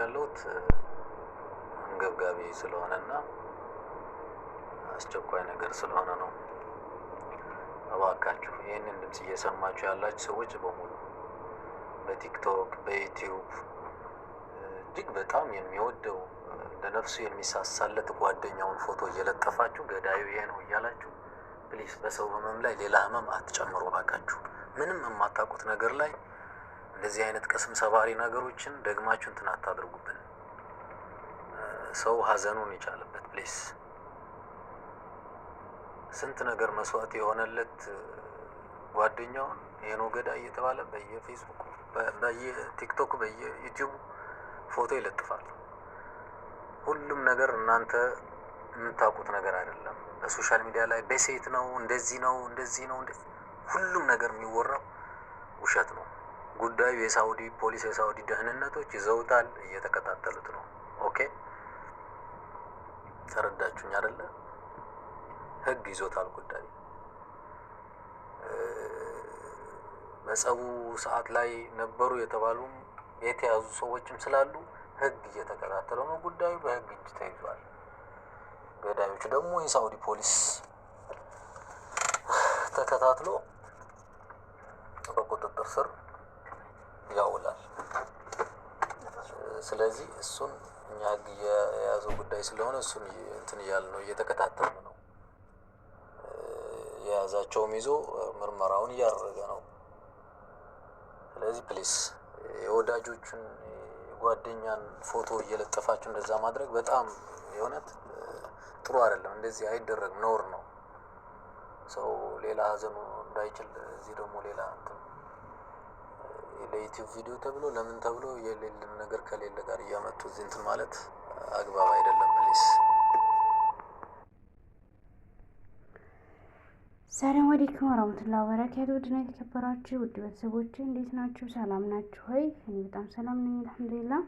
ያለሁት አንገብጋቢ ስለሆነና አስቸኳይ ነገር ስለሆነ ነው። እባካችሁ ይህንን ድምፅ እየሰማችሁ ያላችሁ ሰዎች በሙሉ በቲክቶክ በዩቲዩብ እጅግ በጣም የሚወደው ለነፍሱ የሚሳሳለት ጓደኛውን ፎቶ እየለጠፋችሁ ገዳዩ ይሄ ነው እያላችሁ ፕሊስ በሰው ህመም ላይ ሌላ ህመም አትጨምሩ እባካችሁ። ምንም የማታውቁት ነገር ላይ እንደዚህ አይነት ቀስም ሰባሪ ነገሮችን ደግማችሁ እንትን አታድርጉብን። ሰው ሀዘኑን የቻለበት ፕሌስ ስንት ነገር መስዋዕት የሆነለት ጓደኛውን ይህን ገዳ እየተባለ በየፌስቡክ በየቲክቶክ በየዩቲዩብ ፎቶ ይለጥፋል። ሁሉም ነገር እናንተ የምታውቁት ነገር አይደለም። በሶሻል ሚዲያ ላይ በሴት ነው እንደዚህ ነው እንደዚህ ነው ሁሉም ነገር የሚወራው ውሸት ነው። ጉዳዩ የሳውዲ ፖሊስ የሳውዲ ደህንነቶች ይዘውታል፣ እየተከታተሉት ነው። ኦኬ ተረዳችሁኝ አይደለ? ህግ ይዞታል ጉዳዩ። በጸቡ ሰዓት ላይ ነበሩ የተባሉም የተያዙ ሰዎችም ስላሉ ህግ እየተከታተለ ነው ጉዳዩ። በህግ እጅ ተይዟል። ገዳዮቹ ደግሞ የሳውዲ ፖሊስ ተከታትሎ በቁጥጥር ስር ያውላል። ስለዚህ እሱን እኛ ህግ የያዘው ጉዳይ ስለሆነ እሱን እንትን እያል ነው፣ እየተከታተልን ነው። የያዛቸውም ይዞ ምርመራውን እያደረገ ነው። ስለዚህ ፕሊስ የወዳጆቹን ጓደኛን ፎቶ እየለጠፋችሁ እንደዛ ማድረግ በጣም የእውነት ጥሩ አይደለም። እንደዚህ አይደረግም፣ ነውር ነው። ሰው ሌላ ሀዘኑ እንዳይችል እዚህ ደግሞ ሌላ ለዩቲዩብ ቪዲዮ ተብሎ ለምን ተብሎ የሌለን ነገር ከሌለ ጋር እያመጡ እዚህ እንትን ማለት አግባብ አይደለም። ፕሊስ። ሰላም አለይኩም ወራህመቱላሂ ወበረካቱ። ውድና የተከበራችሁ ውድ ቤተሰቦች እንዴት ናችሁ? ሰላም ናችሁ ሆይ? እኔ በጣም ሰላም ነኝ አልሐምዱሊላህ።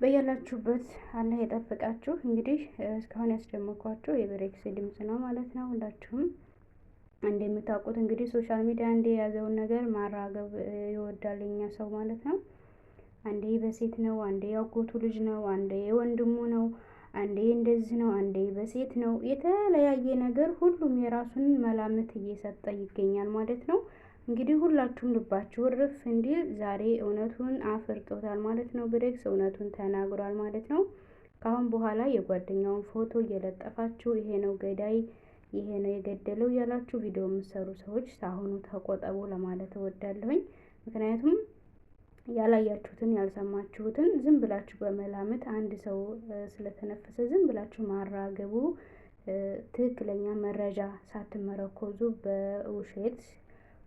በያላችሁበት አላህ የጠበቃችሁ እንግዲህ እስካሁን ያስደመኳችሁ የብሬክስ ድምጽ ነው ማለት ነው ሁላችሁም እንደምታውቁት እንግዲህ ሶሻል ሚዲያ አንዴ የያዘውን ነገር ማራገብ ይወዳል የኛ ሰው ማለት ነው። አንዴ በሴት ነው፣ አንዴ ያጎቱ ልጅ ነው፣ አንዴ ወንድሙ ነው፣ አንዴ እንደዚህ ነው፣ አንዴ በሴት ነው። የተለያየ ነገር ሁሉም የራሱን መላምት እየሰጠ ይገኛል ማለት ነው። እንግዲህ ሁላችሁም ልባችሁ እርፍ እንዲል ዛሬ እውነቱን አፍርጦታል ማለት ነው። ብሬክስ እውነቱን ተናግሯል ማለት ነው። ከአሁን በኋላ የጓደኛውን ፎቶ እየለጠፋችሁ ይሄ ነው ገዳይ ይሄ ነው የገደለው ያላችሁ ቪዲዮ የምትሰሩ ሰዎች ሳሁኑ ተቆጠቡ ለማለት እወዳለሁኝ። ምክንያቱም ያላያችሁትን ያልሰማችሁትን ዝም ብላችሁ በመላምት አንድ ሰው ስለተነፈሰ ዝም ብላችሁ ማራገቡ ትክክለኛ መረጃ ሳትመረኮዙ በውሸት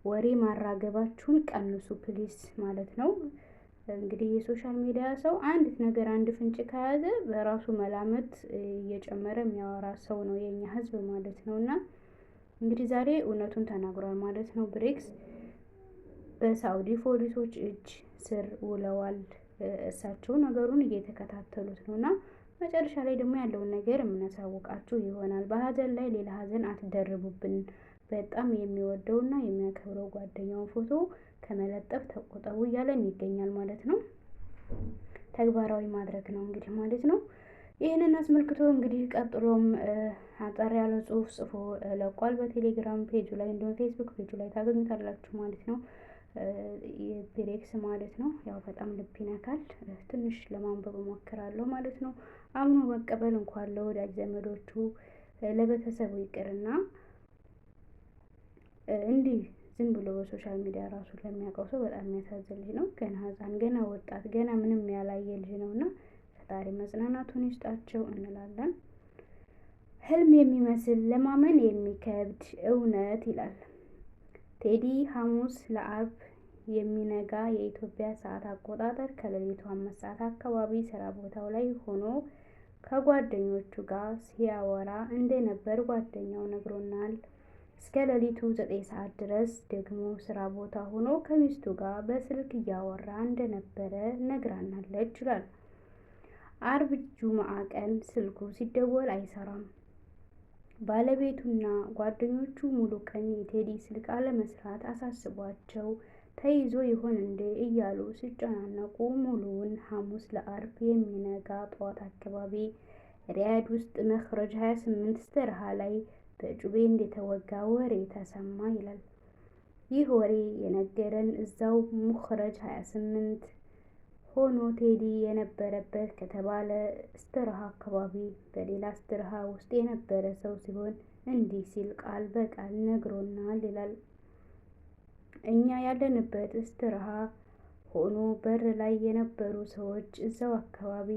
ወሬ ማራገባችሁን ቀንሱ ፕሊስ ማለት ነው። እንግዲህ የሶሻል ሚዲያ ሰው አንዲት ነገር አንድ ፍንጭ ከያዘ በራሱ መላመት እየጨመረ የሚያወራ ሰው ነው የኛ ህዝብ ማለት ነው። እና እንግዲህ ዛሬ እውነቱን ተናግሯል ማለት ነው። ብሬክስ በሳውዲ ፖሊሶች እጅ ስር ውለዋል። እሳቸው ነገሩን እየተከታተሉት ነው እና መጨረሻ ላይ ደግሞ ያለውን ነገር የምናሳውቃችሁ ይሆናል። በሀዘን ላይ ሌላ ሀዘን አትደርቡብን። በጣም የሚወደውና የሚያከብረው ጓደኛውን ፎቶ ከመለጠፍ ተቆጠቡ እያለን ይገኛል ማለት ነው። ተግባራዊ ማድረግ ነው እንግዲህ ማለት ነው። ይህንን አስመልክቶ እንግዲህ ቀጥሎም አጠር ያለ ጽሁፍ ጽፎ ለቋል። በቴሌግራም ፔጁ ላይ እንዲሁም ፌስቡክ ፔጁ ላይ ታገኙታላችሁ ማለት ነው። የፔሬክስ ማለት ነው። ያው በጣም ልብ ይነካል። ትንሽ ለማንበብ ሞክራለሁ ማለት ነው። አምኖ መቀበል እንኳን ለወዳጅ ዘመዶቹ ለቤተሰቡ ይቅርና እንዲህ ዝም ብሎ በሶሻል ሚዲያ ራሱ ለሚያውቀው ሰው በጣም የሚያሳዝን ልጅ ነው። ገና ሕፃን ገና ወጣት ገና ምንም ያላየ ልጅ ነው እና ፈጣሪ መጽናናቱን ይስጣቸው እንላለን። ህልም የሚመስል ለማመን የሚከብድ እውነት ይላል ቴዲ ሐሙስ ለአብ የሚነጋ የኢትዮጵያ ሰዓት አቆጣጠር ከሌሊቱ አምስት ሰዓት አካባቢ ስራ ቦታው ላይ ሆኖ ከጓደኞቹ ጋር ሲያወራ እንደነበር ጓደኛው ነግሮናል። እስከ ሌሊቱ ዘጠኝ ሰዓት ድረስ ደግሞ ስራ ቦታ ሆኖ ከሚስቱ ጋር በስልክ እያወራ እንደነበረ ነግራናለች ይችላል። አርብ ጁምአ ቀን ስልኩ ሲደወል አይሰራም። ባለቤቱና ጓደኞቹ ሙሉ ቀን የቴዲ ስልክ አለመስራት አሳስቧቸው ተይዞ ይሆን እንዴ እያሉ ሲጨናነቁ ሙሉውን ሐሙስ ለአርብ የሚነጋ ጠዋት አካባቢ ሪያድ ውስጥ መክረጅ 28 ስተርሃ ላይ በጩቤ እንደተወጋ ወሬ ተሰማ ይላል። ይህ ወሬ የነገረን እዛው ሙክረጅ 28 ሆኖ ቴዲ የነበረበት ከተባለ ስትርሃ አካባቢ በሌላ ስትርሃ ውስጥ የነበረ ሰው ሲሆን እንዲህ ሲል ቃል በቃል ነግሮናል ይላል። እኛ ያለንበት እስትርሃ ሆኖ በር ላይ የነበሩ ሰዎች እዛው አካባቢ